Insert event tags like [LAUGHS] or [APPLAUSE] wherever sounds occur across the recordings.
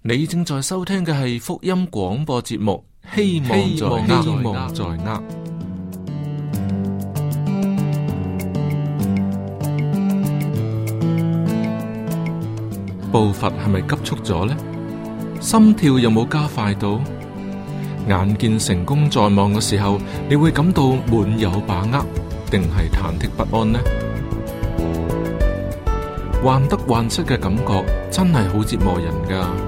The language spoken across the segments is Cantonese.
你正在收聽嘅係福音廣播節目，希望希望在握。步伐係咪急促咗呢？心跳有冇加快到？眼見成功在望嘅時候，你會感到滿有把握，定係忐忑不安呢？患得患失嘅感覺真係好折磨人噶。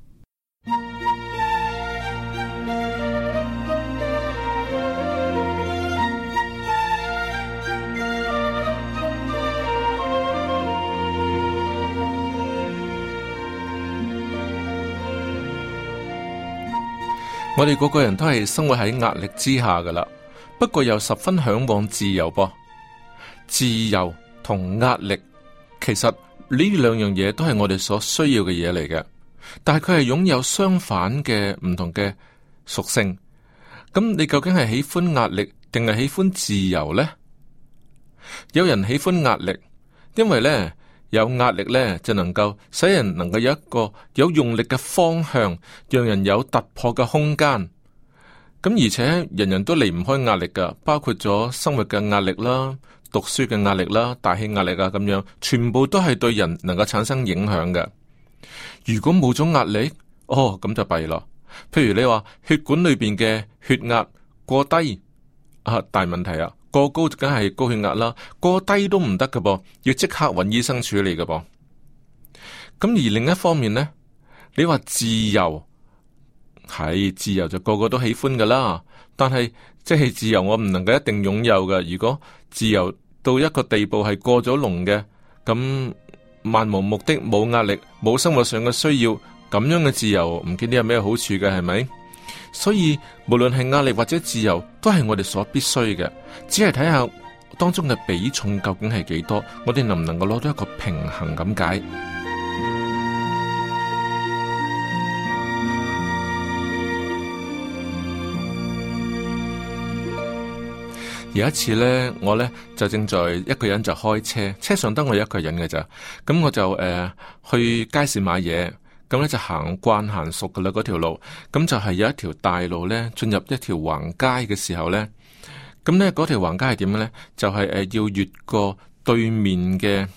我哋個個人都係生活喺壓力之下㗎喇，不過又十分向往自由噃。自由同壓力其實呢兩樣嘢都係我哋所需要嘅嘢嚟嘅，但係佢係擁有相反嘅唔同嘅屬性。咁你究竟係喜歡壓力定係喜歡自由呢？有人喜歡壓力，因為呢，有壓力呢，就能夠使人能夠有一個有用力嘅方向，讓人有突破嘅空間。咁、嗯、而且人人都離唔開壓力噶，包括咗生活嘅壓力啦、讀書嘅壓力啦、大氣壓力啊咁樣，全部都係對人能夠產生影響嘅。如果冇咗壓力，哦咁就弊咯。譬如你話血管裏邊嘅血壓過低啊，大問題啊！過高就梗係高血壓啦，過低都唔得噶噃，要即刻揾醫生處理噶噃。咁而另一方面呢，你話自由係自由就個個都喜歡噶啦，但係即係自由我唔能夠一定擁有㗎。如果自由到一個地步係過咗籠嘅，咁漫無目的、冇壓力、冇生活上嘅需要，咁樣嘅自由唔見啲有咩好處嘅係咪？所以，無論係壓力或者自由，都係我哋所必須嘅。只係睇下當中嘅比重究竟係幾多，我哋能唔能夠攞到一個平衡咁解？有 [MUSIC] 一次呢，我呢就正在一個人就開車，車上得我一個人嘅咋。咁我就誒、呃、去街市買嘢。咁咧就行慣行熟噶啦，嗰條路，咁就係有一條大路咧，進入一條橫街嘅時候咧，咁咧嗰條橫街係點嘅咧？就係、是、誒要越過對面嘅，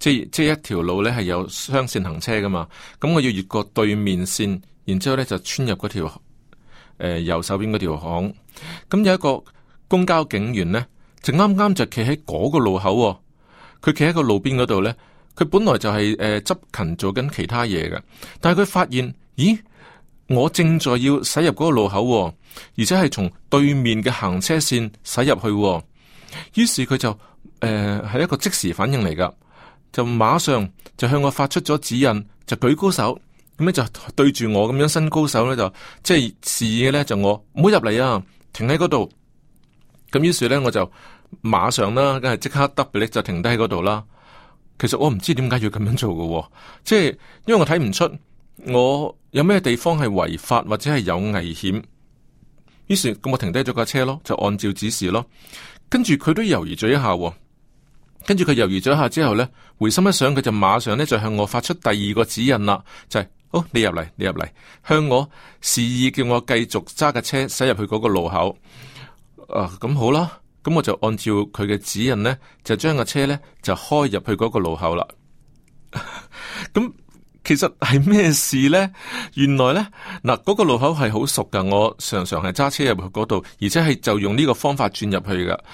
即係即係一條路咧係有雙線行車噶嘛，咁我要越過對面線，然之後咧就穿入嗰條誒右手邊嗰條巷，咁有一個公交警員咧，就啱啱就企喺嗰個路口，哦，佢企喺個路邊嗰度咧。佢本來就係誒執勤做緊其他嘢嘅，但係佢發現，咦，我正在要駛入嗰個路口喎，而且係從對面嘅行車線駛入去喎，於是佢就誒係、呃、一個即時反應嚟㗎，就馬上就向我發出咗指引，就舉高手咁樣就對住我咁樣伸高手咧，就即係示意咧就我唔好入嚟啊，停喺嗰度。咁於是咧我就馬上啦，梗係即刻 W 就停低喺嗰度啦。其實我唔知點解要咁樣做嘅，即係因為我睇唔出我有咩地方係違法或者係有危險，於是咁我停低咗架車咯，就按照指示咯。跟住佢都猶豫咗一下，跟住佢猶豫咗一下之後呢，回心一想，佢就馬上呢，就向我發出第二個指引啦，就係好，你入嚟，你入嚟，向我示意叫我繼續揸架車駛入去嗰個路口。誒、啊，咁好啦。咁我就按照佢嘅指引呢，就將個車呢，就開入去嗰個路口啦。咁 [LAUGHS] 其實係咩事呢？原來呢，嗱，嗰個路口係好熟噶，我常常係揸車入去嗰度，而且係就用呢個方法轉入去噶。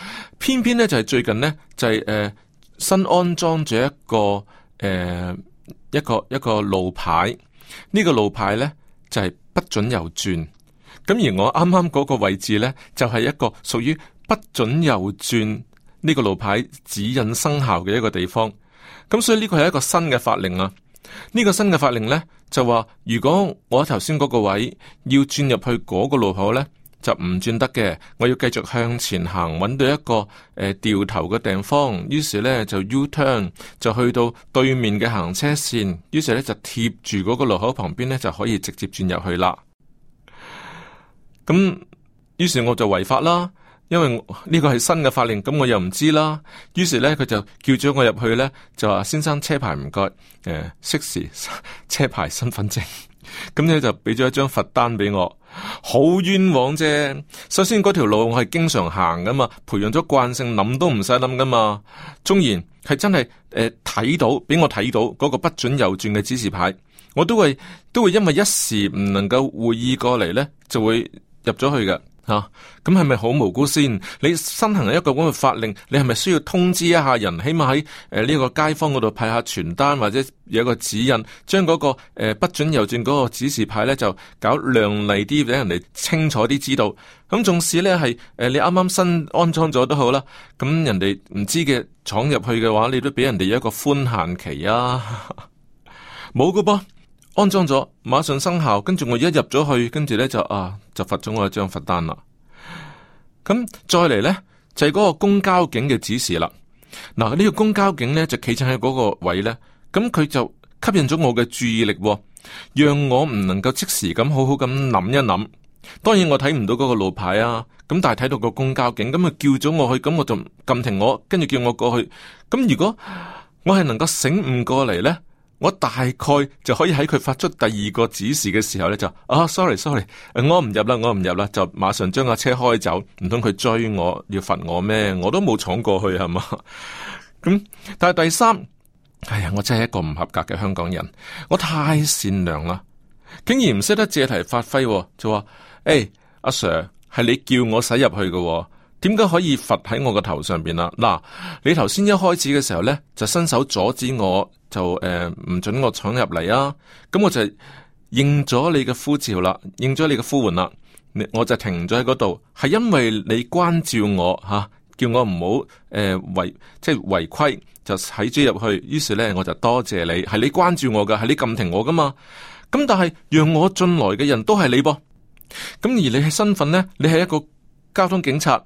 偏偏呢，就係、是、最近呢，就係、是、誒、呃、新安裝咗一個誒、呃、一個一個路牌。呢個路牌呢，就係、是、不准右轉。咁而我啱啱嗰個位置呢，就係、是、一個屬於。不准右轉呢個路牌指引生效嘅一個地方，咁所以呢個係一個新嘅法令啊。呢個新嘅法令呢，就話，如果我頭先嗰個位要轉入去嗰個路口呢，就唔轉得嘅。我要繼續向前行，揾到一個誒、呃、掉頭嘅地方，於是呢，就 U turn 就去到對面嘅行車線，於是呢，就貼住嗰個路口旁邊呢，就可以直接轉入去啦。咁於是我就違法啦。因為呢個係新嘅法令，咁我又唔知啦。於是咧，佢就叫咗我入去咧，就話：先生車牌唔該，誒、呃，適時車牌身份證。咁 [LAUGHS] 咧就俾咗一張罰單俾我，好冤枉啫。首先嗰條路我係經常行噶嘛，培養咗慣性，諗都唔使諗噶嘛。縱然係真係誒睇到，俾我睇到嗰個不准右轉嘅指示牌，我都係都會因為一時唔能夠會意過嚟咧，就會入咗去嘅。啊，咁係咪好無辜先？你新行一個咁嘅法令，你係咪需要通知一下人？起碼喺誒呢個街坊嗰度派下傳單，或者有一個指引，將嗰個誒不准右轉嗰個指示牌呢，就搞亮麗啲，俾人哋清楚啲知道。咁仲使呢係誒你啱啱新安裝咗都好啦。咁人哋唔知嘅闖入去嘅話，你都俾人哋一個寬限期啊，冇噶噃。安裝咗，馬上生效。跟住我一入咗去，跟住呢就啊，就發咗我一張罰單啦。咁、嗯、再嚟呢，就係、是、嗰個公交警嘅指示啦。嗱、呢、這個公交警呢，就企喺喺嗰個位呢，咁、嗯、佢就吸引咗我嘅注意力、哦，讓我唔能夠即時咁好好咁諗一諗。當然我睇唔到嗰個路牌啊，咁但係睇到個公交警，咁、嗯、啊叫咗我去，咁、嗯、我就撳停我，跟住叫我過去。咁、嗯、如果我係能夠醒悟過嚟呢。我大概就可以喺佢發出第二個指示嘅時候呢，就、oh, 啊，sorry，sorry，我唔入啦，我唔入啦，就馬上將架車開走，唔通佢追我，要罰我咩？我都冇闖過去，係嘛？咁 [LAUGHS] 但係第三，哎呀，我真係一個唔合格嘅香港人，我太善良啦，竟然唔識得借題發揮，就話誒，阿、hey, Sir 係你叫我駛入去嘅，點解可以罰喺我個頭上邊啦？嗱，你頭先一開始嘅時候呢，就伸手阻止我。就誒唔、呃、准我闖入嚟啊！咁、嗯、我就認咗你嘅呼召啦，認咗你嘅呼喚啦，我就停咗喺嗰度。係因為你關照我吓、啊，叫我唔好誒違即係違規就駛咗入去。於是咧我就多謝你，係你關照我噶，係你禁停我噶嘛。咁、嗯、但係讓我進來嘅人都係你噃、啊。咁、嗯、而你嘅身份咧，你係一個交通警察。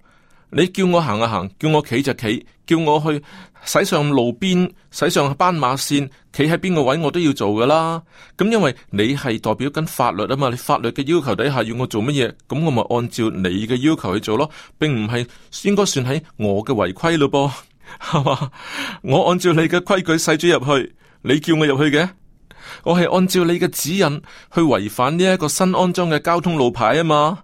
你叫我行就行，叫我企就企，叫我去駛上路邊、駛上斑馬線、企喺邊個位，我都要做噶啦。咁因為你係代表緊法律啊嘛，你法律嘅要求底下要我做乜嘢，咁我咪按照你嘅要求去做咯，並唔係應該算係我嘅違規咯噃，係嘛？我按照你嘅規矩駛咗入去，你叫我入去嘅，我係按照你嘅指引去違反呢一個新安裝嘅交通路牌啊嘛。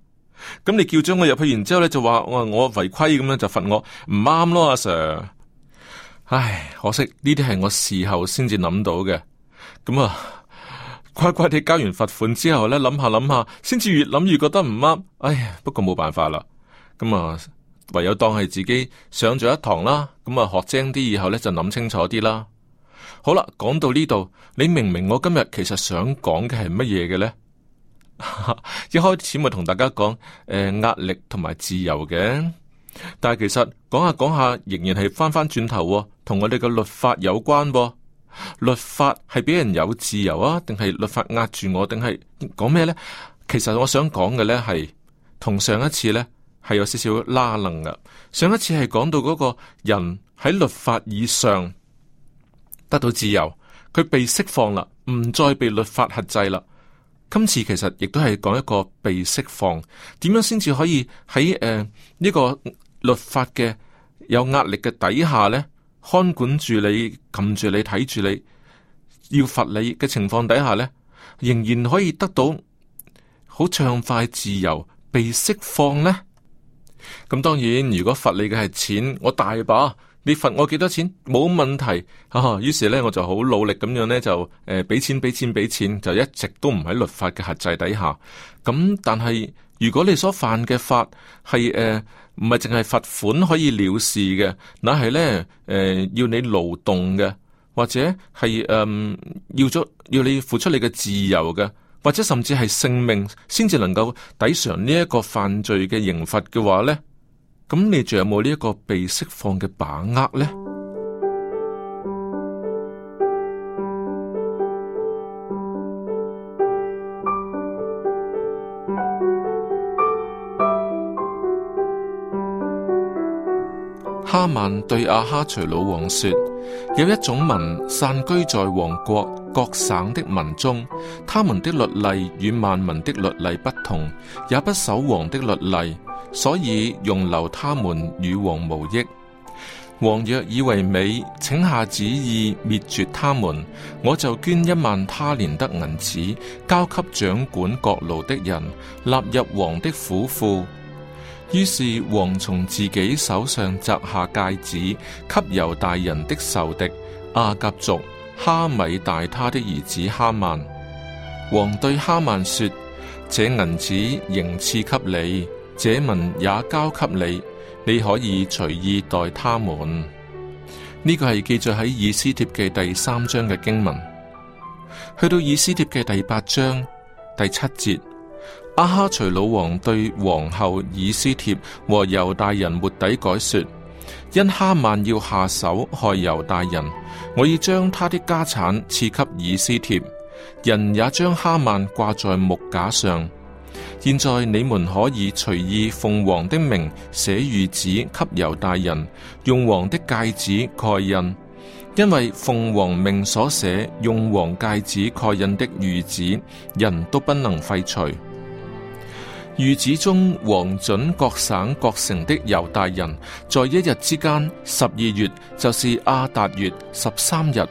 咁你叫咗我入去，然之後咧就話我我違規咁樣，就罰我唔啱咯，阿 Sir。唉，可惜呢啲係我事後先至諗到嘅。咁啊，乖乖哋交完罰款之後咧，諗下諗下，先至越諗越覺得唔啱。唉，不過冇辦法啦。咁啊，唯有當係自己上咗一堂啦。咁啊，學精啲以後咧，就諗清楚啲啦。好啦，講到呢度，你明唔明我今日其實想講嘅係乜嘢嘅咧？ [LAUGHS] 一開始咪同大家講，誒、呃、壓力同埋自由嘅，但係其實講下講下，仍然係翻翻轉頭、哦，同我哋嘅律法有關、哦。律法係俾人有自由啊，定係律法壓住我，定係講咩呢？其實我想講嘅呢係同上一次呢係有少少拉楞㗎。上一次係講到嗰個人喺律法以上得到自由，佢被釋放啦，唔再被律法轄制啦。今次其實亦都係講一個被釋放，點樣先至可以喺誒呢個律法嘅有壓力嘅底下呢？看管住你、撳住你、睇住你，要罰你嘅情況底下呢，仍然可以得到好暢快自由被釋放呢？咁當然，如果罰你嘅係錢，我大把。你罰我幾多錢？冇問題啊！於是咧，我就好努力咁樣咧，就誒俾、呃、錢俾錢俾錢，就一直都唔喺律法嘅轄制底下。咁、嗯、但係，如果你所犯嘅法係誒唔係淨係罰款可以了事嘅，那係咧誒要你勞動嘅，或者係誒、呃、要咗要你付出你嘅自由嘅，或者甚至係性命先至能夠抵償呢一個犯罪嘅刑罰嘅話咧？咁你仲有冇呢一個被釋放嘅把握呢？哈曼對亞哈隨魯王說：有一種民散居在王國各省的民眾，他們的律例與萬民的律例不同，也不守王的律例。所以容留他們與王無益。王若以為美，請下旨意滅絕他們。我就捐一萬他連得銀子交給掌管各路的人，納入王的府庫。於是王從自己手上摘下戒指，給猶大人的仇敵亞甲族哈米大他的兒子哈曼。王對哈曼說：這銀子仍賜給你。這民也交給你，你可以隨意待他們。呢、這個係記載喺以斯帖嘅第三章嘅經文。去到以斯帖嘅第八章第七節，阿哈隨魯王對皇后以斯帖和猶大人末底改說：因哈曼要下手害猶大人，我要將他的家產賜給以斯帖，人也將哈曼掛在木架上。現在你們可以隨意奉王的名寫諭旨給猶大人，用王的戒指蓋印，因為奉王名所寫用王戒指蓋印的諭旨，人都不能廢除。諭旨中王准各省各城的猶大人，在一日之間，十二月就是亞達月十三日，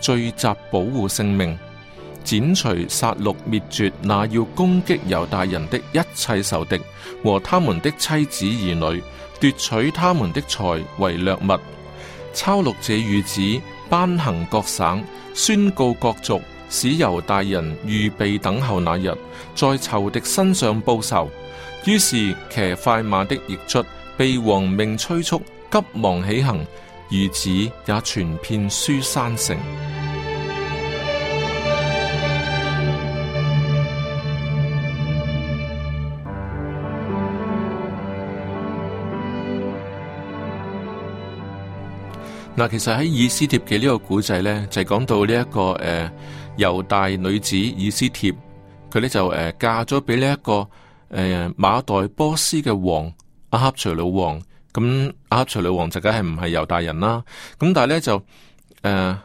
聚集保護性命。剪除殺戮滅絕，那要攻擊猶大人的一切仇敵和他們的妻子兒女，奪取他們的財為掠物。抄錄這諭旨，頒行各省，宣告各族，使猶大人預備等候那日，在仇敵身上報仇。於是騎快馬的驛卒被王命催促，急忙起行，諭旨也傳遍書山城。嗱，其實喺《以斯帖記》嘅呢個古仔咧，就係、是、講到呢、這、一個誒猶、呃、大女子以斯帖，佢咧就誒、呃、嫁咗俾呢一個誒馬代波斯嘅王亞哈隨魯王。咁亞哈隨魯王就梗係唔係猶大人啦。咁但係咧就誒佢、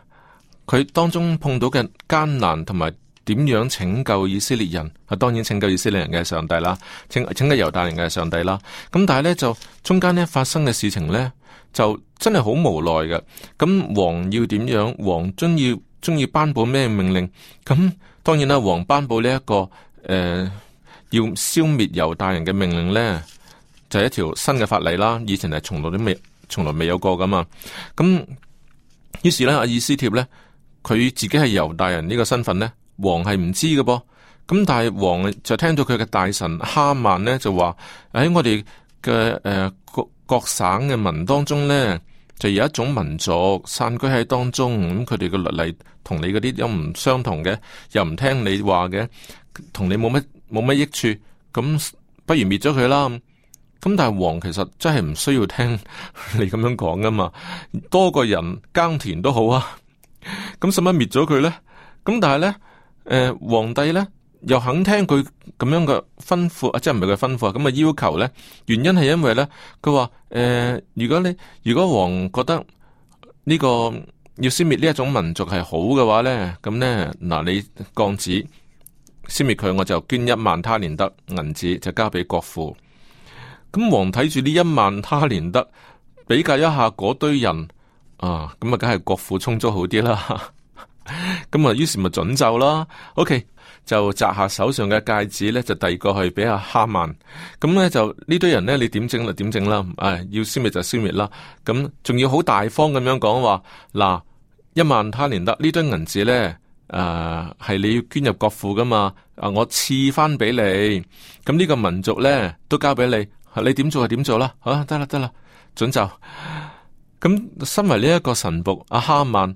呃、當中碰到嘅艱難同埋點樣拯救以色列人啊？當然拯救以色列人嘅係上帝啦，拯拯救猶大人嘅係上帝啦。咁但係咧就中間咧發生嘅事情咧。就真係好無奈嘅，咁王要點樣？王中意中意頒布咩命令？咁當然啦，王頒布呢、這、一個誒、呃，要消滅猶大人嘅命令咧，就係、是、一條新嘅法例啦。以前係從來都未，從來未有過噶嘛。咁於是咧，阿以斯帖咧，佢自己係猶大人呢個身份咧，王係唔知嘅噃。咁但係王就聽到佢嘅大臣哈曼咧就話：喺我哋嘅誒各省嘅民當中咧，就有一種民族散居喺當中，咁佢哋嘅律例同你嗰啲又唔相同嘅，又唔聽你話嘅，同你冇乜冇乜益處，咁不如滅咗佢啦。咁但係王其實真係唔需要聽你咁樣講㗎嘛，多個人耕田都好啊，咁使乜滅咗佢咧？咁但係咧，誒、呃，皇帝咧。又肯聽佢咁樣嘅吩咐，啊，即係唔係佢吩咐啊？咁啊要求，咧，原因係因為咧，佢話誒，如果你如果王覺得呢個要消滅呢一種民族係好嘅話咧，咁咧嗱，你降旨消滅佢，我就捐一萬他連德銀紙就交俾國庫。咁王睇住呢一萬他連德，比較一下嗰堆人啊，咁啊，梗係國庫充足好啲啦。咁啊，於是咪准奏啦。OK，就摘下手上嘅戒指咧，就遞過去俾阿哈曼。咁、嗯、咧就呢堆人咧，你點整就點整啦。誒、哎，要消滅就消滅啦。咁、嗯、仲要好大方咁樣講話嗱，一萬他連得呢堆銀子咧，誒、呃，係你要捐入國庫噶嘛？啊，我賜翻俾你。咁、嗯、呢、這個民族咧都交俾你，你點做就點做啦。好、啊，得啦得啦，准奏。嗯」咁身為呢一個神僕，阿哈曼。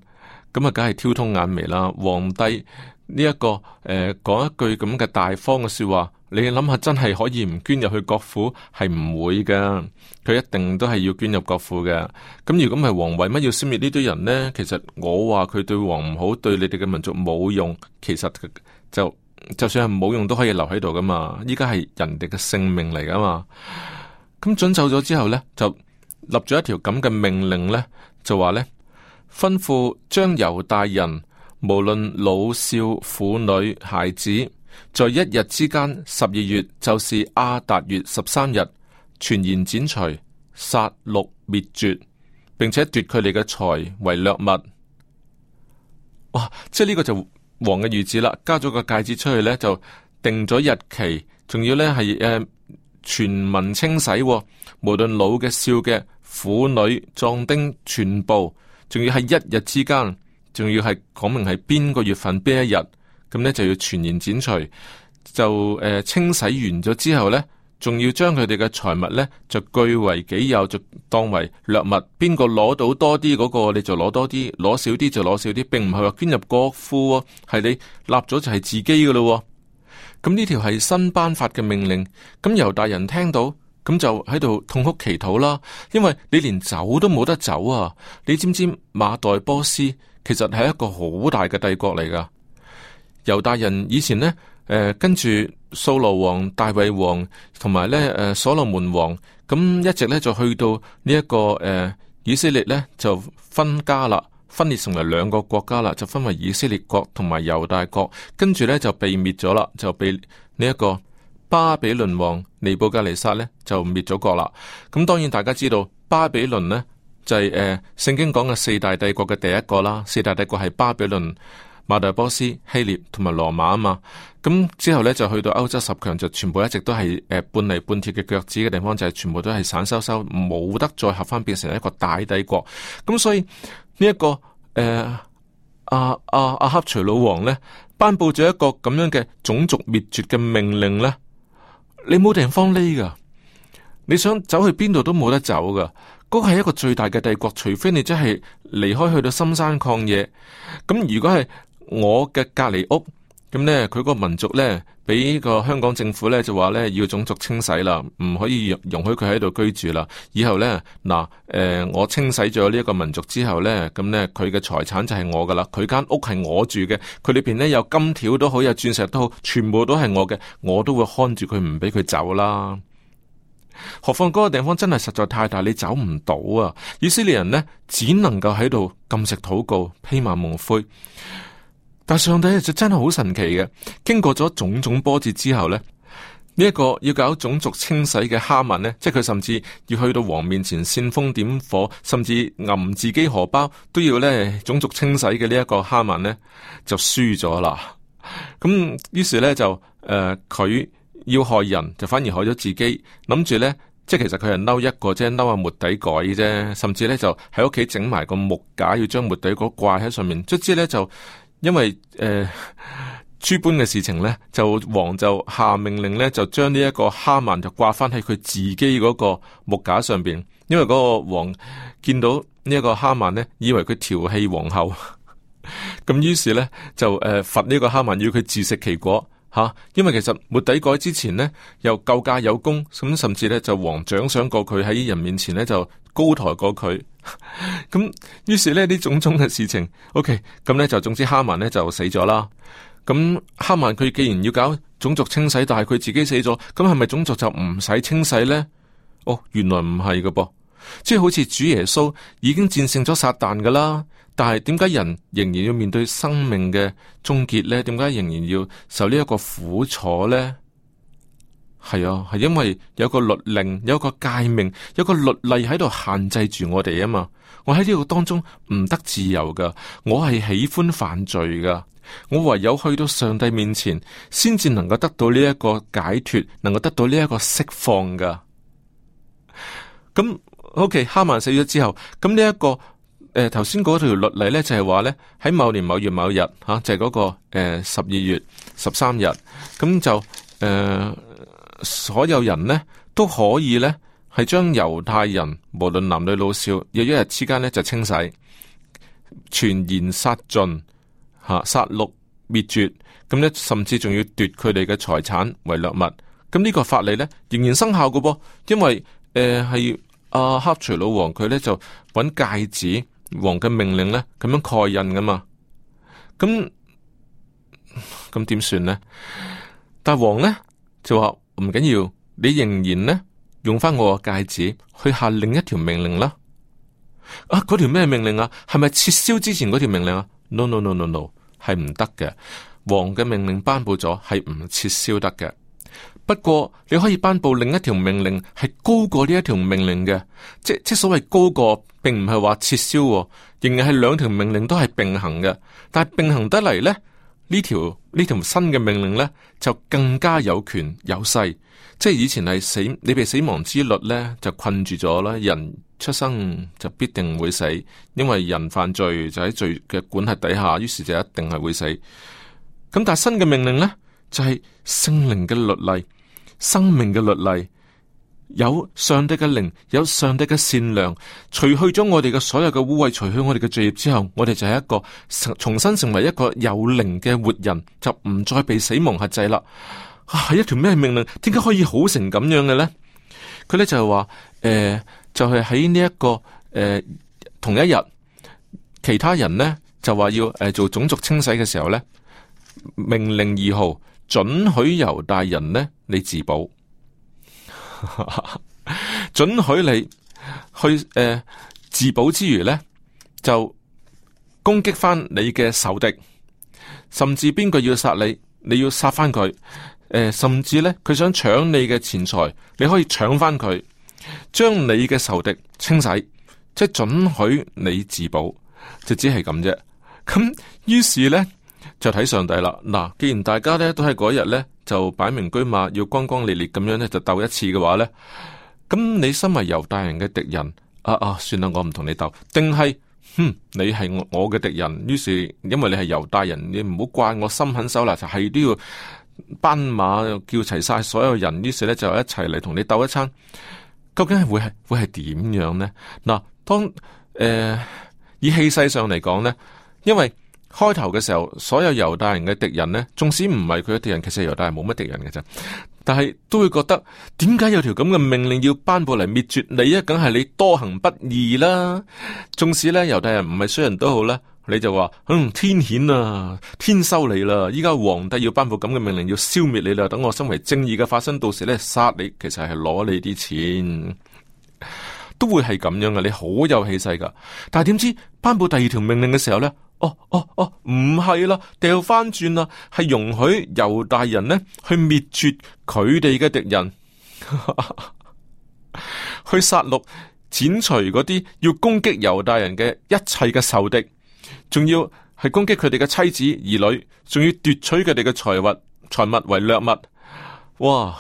咁啊，梗係挑通眼眉啦！皇帝呢、這、一個誒，講、呃、一句咁嘅大方嘅說話，你諗下，真係可以唔捐入去國庫係唔會噶？佢一定都係要捐入國庫嘅。咁如果唔係皇，為乜要消滅呢堆人呢？其實我話佢對皇唔好，對你哋嘅民族冇用。其實就就算係冇用，都可以留喺度噶嘛。依家係人哋嘅性命嚟噶嘛。咁准奏咗之後呢，就立咗一條咁嘅命令呢，就話呢。吩咐將猶大人，無論老少、婦女、孩子，在一日之間，十二月就是阿達月十三日，全然剪除、殺戮、滅絕，並且奪佢哋嘅財為掠物。哇！即係呢個就王嘅諭旨啦，加咗個戒指出去呢，就定咗日期，仲要呢係誒全民清洗，無論老嘅、少嘅、婦女、壯丁，全部。仲要係一日之間，仲要係講明係邊個月份邊一日，咁呢，就要全年剪除，就誒、呃、清洗完咗之後呢，仲要將佢哋嘅財物呢，就據為己有，就當為掠物。邊個攞到多啲嗰個，你就攞多啲，攞少啲就攞少啲，並唔係話捐入國庫，係你立咗就係自己噶咯。咁呢條係新頒發嘅命令，咁猶大人聽到。咁就喺度痛哭祈禱啦，因為你連走都冇得走啊！你知唔知馬代波斯其實係一個好大嘅帝國嚟噶？猶大人以前呢，誒、呃、跟住掃羅王、大衛王同埋咧，誒、呃、所羅門王，咁一直咧就去到呢、這、一個誒、呃、以色列咧就分家啦，分裂成為兩個國家啦，就分為以色列國同埋猶大國，跟住咧就被滅咗啦，就被呢、這、一個。巴比倫王尼布甲尼撒呢就滅咗國啦。咁當然大家知道巴比倫呢就係誒聖經講嘅四大帝國嘅第一個啦。四大帝國係巴比倫、馬代波斯、希臘同埋羅馬啊嘛。咁之後呢，就去到歐洲十強就全部一直都係誒、呃、半泥半鐵嘅腳趾嘅地方就係、是、全部都係散收收，冇得再合返變成一個大帝國。咁所以呢一、這個誒阿阿亞哈隨魯王呢，頒布咗一個咁樣嘅種族滅絕嘅命令呢，你冇地方匿噶，你想走去邊度都冇得走噶。嗰個係一個最大嘅帝國，除非你真係離開去到深山曠野。咁如果係我嘅隔籬屋。咁呢，佢嗰個民族咧，俾呢個香港政府呢，就話呢要種族清洗啦，唔可以容容許佢喺度居住啦。以後呢，嗱，誒，我清洗咗呢一個民族之後呢，咁呢，佢嘅財產就係我噶啦，佢間屋係我住嘅，佢裏邊呢有金條都好，有鑽石都好，全部都係我嘅，我都會看住佢，唔俾佢走啦。何況嗰個地方真係實在太大，你走唔到啊！以色列人呢，只能夠喺度禁食禱告，披麻蒙灰。但上帝就真係好神奇嘅，經過咗種種波折之後咧，呢、這、一個要搞種族清洗嘅哈曼呢，即係佢甚至要去到王面前煽風點火，甚至揞自己荷包都要呢種族清洗嘅呢一個哈曼呢就輸咗啦。咁於是呢，就誒佢、呃、要害人，就反而害咗自己。諗住呢，即係其實佢係嬲一個啫，嬲下末底改啫，甚至呢就喺屋企整埋個木架，要將末底改掛喺上面，卒之呢，就。因為誒、諸、呃、般嘅事情咧，就王就下命令咧，就將呢一個哈曼就掛翻喺佢自己嗰個木架上邊。因為嗰個王見到呢一個哈曼呢，以為佢調戲皇后，咁 [LAUGHS] 於是咧就誒罰呢個哈曼要佢自食其果吓、啊。因為其實末底改之前呢，又救駕有功，咁甚至咧就王獎賞過佢喺人面前咧就。高抬過佢，咁 [LAUGHS] 於是呢呢種種嘅事情，OK，咁呢就總之哈曼呢就死咗啦。咁哈曼佢既然要搞種族清洗，但係佢自己死咗，咁係咪種族就唔使清洗呢？哦，原來唔係噶噃，即係好似主耶穌已經戰勝咗撒旦噶啦，但係點解人仍然要面對生命嘅終結呢？點解仍然要受呢一個苦楚呢？係啊，係因為有個律令，有個誡命，有個律例喺度限制住我哋啊嘛。我喺呢個當中唔得自由噶，我係喜歡犯罪噶。我唯有去到上帝面前，先至能夠得到呢一個解脫，能夠得到呢一個釋放噶。咁，OK，哈曼死咗之後，咁呢一個誒頭先嗰條律例呢，就係話呢，喺某年某月某日吓啊，就係嗰個誒十二月十三日，咁就誒。呃所有人呢都可以呢，係將猶太人無論男女老少，有一日之間呢就清洗、全然殺盡，吓殺戮滅絕，咁呢甚至仲要奪佢哋嘅財產為掠物，咁呢個法例呢仍然生效嘅噃，因為誒係亞哈隨魯王佢呢就揾戒指王嘅命令呢咁樣蓋印噶嘛，咁咁點算呢？大王呢就話。唔緊要，你 [NOISE] 仍然呢，用翻我個戒指去下另一條命令啦。啊，嗰條咩命令啊？係咪撤銷之前嗰條命令啊？No no no no no，係唔得嘅。王嘅命令頒布咗，係唔撤銷得嘅。不過你可以頒布另一條命令，係高過呢一條命令嘅。即即所謂高過，並唔係話撤銷，仍然係兩條命令都係並行嘅。但係並行得嚟呢， [NOISE] 呢條。呢條新嘅命令咧，就更加有權有勢，即係以前係死你被死亡之律咧就困住咗啦，人出生就必定會死，因為人犯罪就喺罪嘅管轄底下，於是就一定係會死。咁但係新嘅命令咧，就係聖靈嘅律例，生命嘅律例。有上帝嘅靈，有上帝嘅善良，除去咗我哋嘅所有嘅污穢，除去我哋嘅罪孽之後，我哋就係一個重新成為一個有靈嘅活人，就唔再被死亡轄制啦。係、啊、一條咩命令？點解可以好成咁樣嘅咧？佢咧就係話，誒，就係喺呢一個誒、呃、同一日，其他人呢就話要誒做種族清洗嘅時候咧，命令二號准許猶大人呢你自保。 [LAUGHS] 准許你去誒、呃、自保之餘呢，就攻擊翻你嘅仇敵，甚至邊個要殺你，你要殺翻佢。誒、呃，甚至呢，佢想搶你嘅錢財，你可以搶翻佢，將你嘅仇敵清洗，即係准許你自保，就只係咁啫。咁於是呢。就睇上帝啦！嗱、啊，既然大家咧都喺嗰日咧就擺明車馬，要光光烈烈咁樣咧就鬥一次嘅話咧，咁你身為猶大人嘅敵人，啊啊，算啦，我唔同你鬥。定係，哼，你係我嘅敵人。於是，因為你係猶大人，你唔好怪我心狠手辣，就係都要班馬叫齊晒所有人，於是咧就一齊嚟同你鬥一餐。究竟係會係會係點樣呢？嗱、啊，當誒、呃、以氣勢上嚟講呢，因為。開頭嘅時候，所有猶大人嘅敵人呢，縱使唔係佢嘅敵人，其實猶大人冇乜敵人嘅啫。但係都會覺得，點解有條咁嘅命令要頒布嚟滅絕你啊？梗係你多行不義啦！縱使呢猶大人唔係衰人都好啦，你就話嗯，天譴啊，天收你啦！依家皇帝要頒布咁嘅命令要消滅你啦，等我身為正義嘅化身，到時呢，殺你，其實係攞你啲錢，都會係咁樣噶。你好有氣勢噶，但係點知頒布第二條命令嘅時候呢？哦哦哦，唔係啦，掉翻轉啦，係容許猶大人咧去滅絕佢哋嘅敵人， [LAUGHS] 去殺戮、剪除嗰啲要攻擊猶大人嘅一切嘅仇敵，仲要係攻擊佢哋嘅妻子、兒女，仲要奪取佢哋嘅財物、財物為掠物。哇！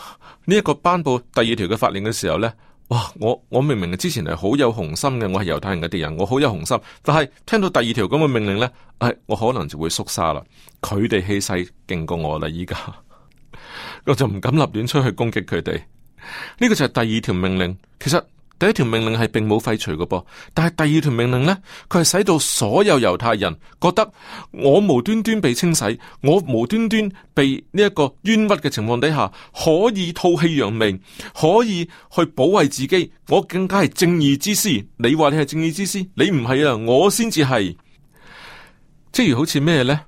呢、這、一個頒布第二條嘅法令嘅時候呢。哇！我我明明之前係好有雄心嘅，我係猶太人嘅敵人，我好有雄心。但係聽到第二條咁嘅命令咧，係、哎、我可能就會縮沙啦。佢哋氣勢勁過我啦，而家我就唔敢立亂出去攻擊佢哋。呢、這個就係第二條命令。其實。第一條命令係並冇廢除嘅噃，但係第二條命令呢，佢係使到所有猶太人覺得我無端端被清洗，我無端端被呢一個冤屈嘅情況底下，可以吐氣揚命，可以去保衛自己，我更加係正義之師。你話你係正義之師，你唔係啊，我先至係。即係好似咩呢？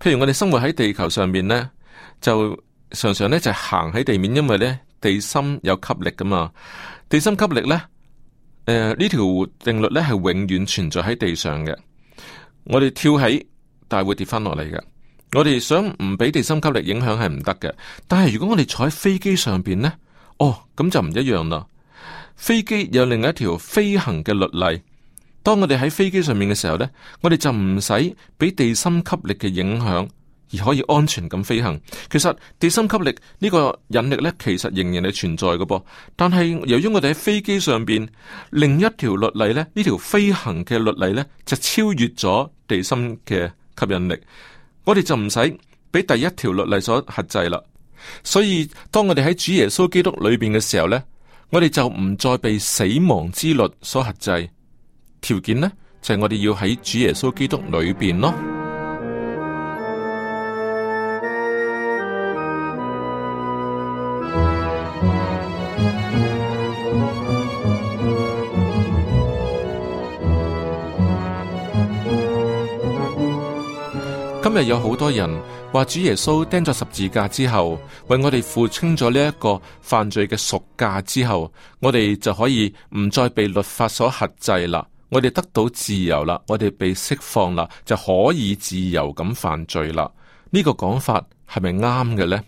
譬如我哋生活喺地球上面呢，就常常呢，就係行喺地面，因為呢，地心有吸力噶嘛。地心吸力呢，呢、呃、條定律呢係永遠存在喺地上嘅。我哋跳起，但係會跌翻落嚟嘅。我哋想唔俾地心吸力影響係唔得嘅。但係如果我哋坐喺飛機上邊呢，哦，咁就唔一樣啦。飛機有另外一條飛行嘅律例。當我哋喺飛機上面嘅時候呢，我哋就唔使俾地心吸力嘅影響。而可以安全咁飛行，其實地心吸力呢個引力呢，其實仍然係存在㗎噃。但係由於我哋喺飛機上邊，另一條律例呢，呢條飛行嘅律例呢，就超越咗地心嘅吸引力，我哋就唔使俾第一條律例所轄制啦。所以當我哋喺主耶穌基督裏邊嘅時候呢，我哋就唔再被死亡之律所轄制。條件呢，就係、是、我哋要喺主耶穌基督裏邊咯。因為有好多人話，主耶穌釘咗十字架之後，為我哋付清咗呢一個犯罪嘅贖價之後，我哋就可以唔再被律法所限制啦。我哋得到自由啦，我哋被釋放啦，就可以自由咁犯罪啦。呢個講法係咪啱嘅呢？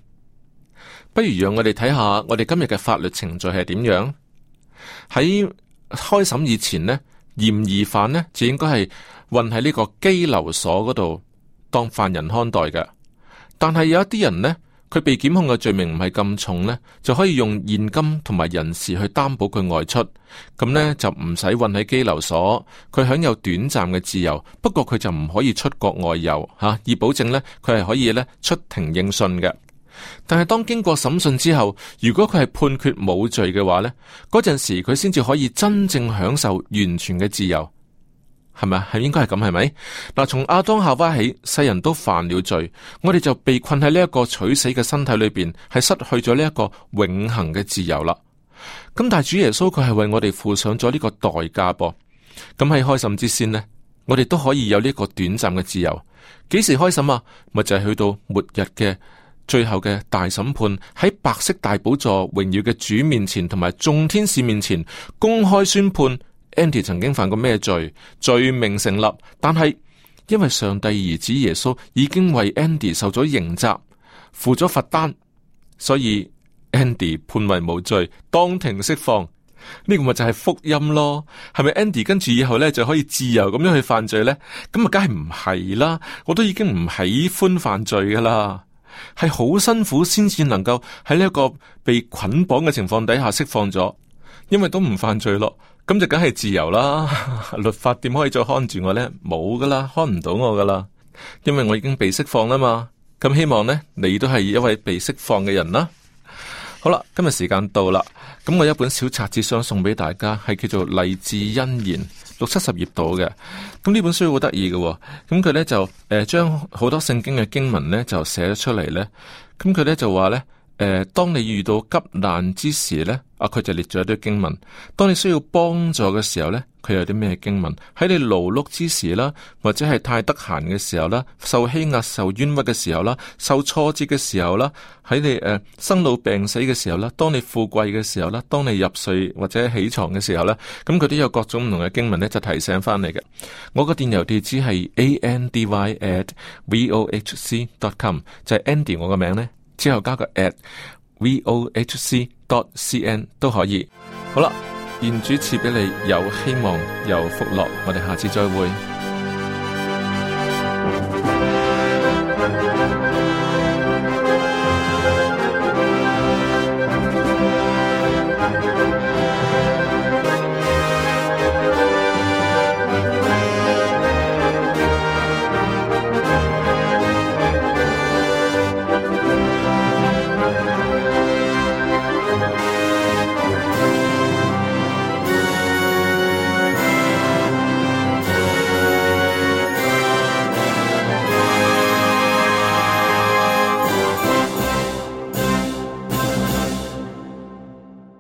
不如讓我哋睇下我哋今日嘅法律程序係點樣。喺開審以前呢，嫌疑犯呢，就應該係混喺呢個羈留所嗰度。當犯人看待嘅，但係有一啲人呢，佢被檢控嘅罪名唔係咁重呢，就可以用現金同埋人事去擔保佢外出，咁呢，就唔使困喺羈留所，佢享有短暫嘅自由。不過佢就唔可以出國外遊吓，以保證呢，佢係可以呢出庭應訊嘅。但係當經過審訊之後，如果佢係判決冇罪嘅話呢，嗰陣時佢先至可以真正享受完全嘅自由。係咪？係應該係咁，係咪？嗱，從亞當夏娃起，世人都犯了罪，我哋就被困喺呢一個取死嘅身體裏邊，係失去咗呢一個永恆嘅自由啦。咁但係主耶穌佢係為我哋付上咗呢個代價噃。咁喺開審之先呢，我哋都可以有呢一個短暫嘅自由。幾時開審啊？咪就係、是、去到末日嘅最後嘅大審判，喺白色大寶座榮耀嘅主面前，同埋眾天使面前公開宣判。Andy 曾經犯過咩罪？罪名成立，但係因為上帝兒子耶穌已經為 Andy 受咗刑責，負咗罰單，所以 Andy 判為無罪，當庭釋放。呢個咪就係福音咯？係咪 Andy 跟住以後咧就可以自由咁樣去犯罪咧？咁啊，梗係唔係啦！我都已經唔喜歡犯罪噶啦，係好辛苦先至能夠喺呢一個被捆綁嘅情況底下釋放咗，因為都唔犯罪咯。咁就梗係自由啦！ [LAUGHS] 律法點可以再看住我呢？冇噶啦，看唔到我噶啦，因為我已經被釋放啦嘛。咁希望呢，你都係一位被釋放嘅人啦。好啦，今日時間到啦。咁我一本小冊子想送俾大家，係叫做《勵志恩言》，六七十頁到嘅。咁呢本書好得意嘅，咁佢呢，就誒、呃、將好多聖經嘅經文呢，就寫咗出嚟呢。咁佢呢，就話呢。誒，當你遇到急難之時呢，阿、啊、佢就列咗一啲經文；當你需要幫助嘅時候呢，佢有啲咩經文？喺你勞碌之時啦，或者係太得閒嘅時候啦，受欺壓、受冤屈嘅時候啦，受挫折嘅時候啦，喺你誒、呃、生老病死嘅時候啦，當你富貴嘅時候啦，當你入睡或者起床嘅時候咧，咁佢都有各種唔同嘅經文咧，就提醒翻你嘅。我個電郵地址係 a n d y at v o h c dot com，就係 Andy 我個名呢。之後加個 at v o h c dot c n 都可以。好啦，願主賜俾你有希望，有福祿。我哋下次再會。